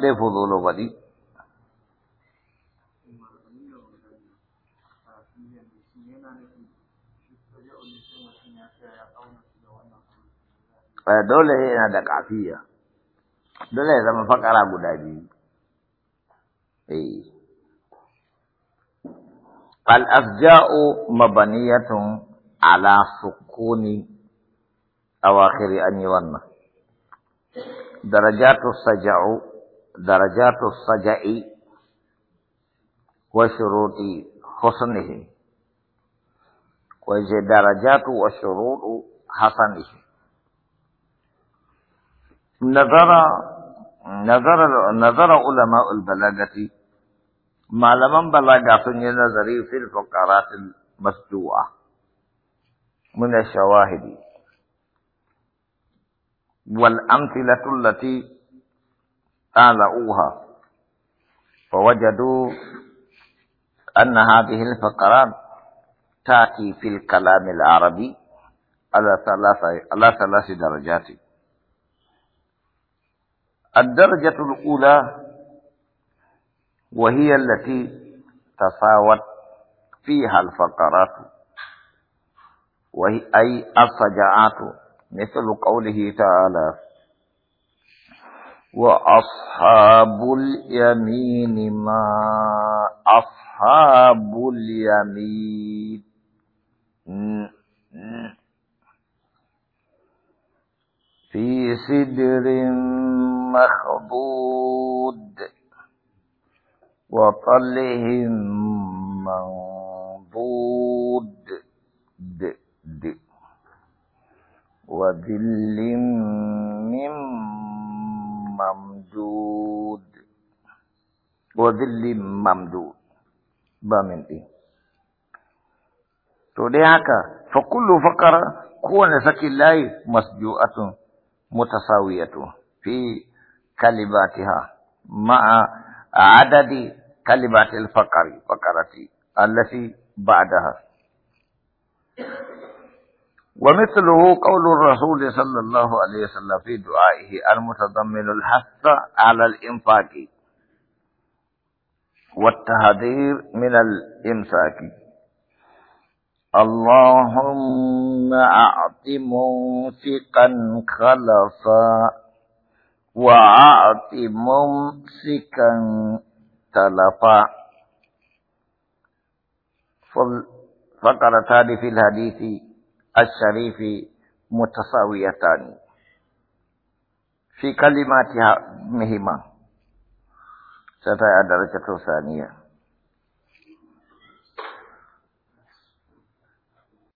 de fudul wali dole yana da kafiya dole ya zama fakara guda biyu eh al afja'u mabaniyatun ala sukuni awakhiri anyi wannan darajatu saja'u درجات الصجع وشروط حسنه وجه درجات وشروط حسنه نظر نظر نظر علماء البلاغة ما لمن بلاغة سنية نظري في الفقرات المسجوعة من الشواهد والأمثلة التي طالعوها فوجدوا أن هذه الفقرات تأتي في الكلام العربي على ثلاث على ثلاث درجات الدرجة الأولى وهي التي تساوت فيها الفقرات وهي أي الصجعات مثل قوله تعالى وأصحاب اليمين ما أصحاب اليمين في سدر مخضود وطله منضود وذل وظل ممدود ba min ɗin. To dai haka, fa kullu faƙara kowane sakin layi masju'atun mutasawiyatu fi kalibatiha ma'a adadi kalibatil faƙari faƙarati allati ba'daha. ومثله قول الرسول صلى الله عليه وسلم في دعائه المتضمن الحث على الإنفاق والتحذير من الإمساك اللهم أعط منفقا خلصا وأعط ممسكا تلفا فقرتان في الحديث الشريف متساويتان في كلماتها مهمه sai ta yi adarci to saniya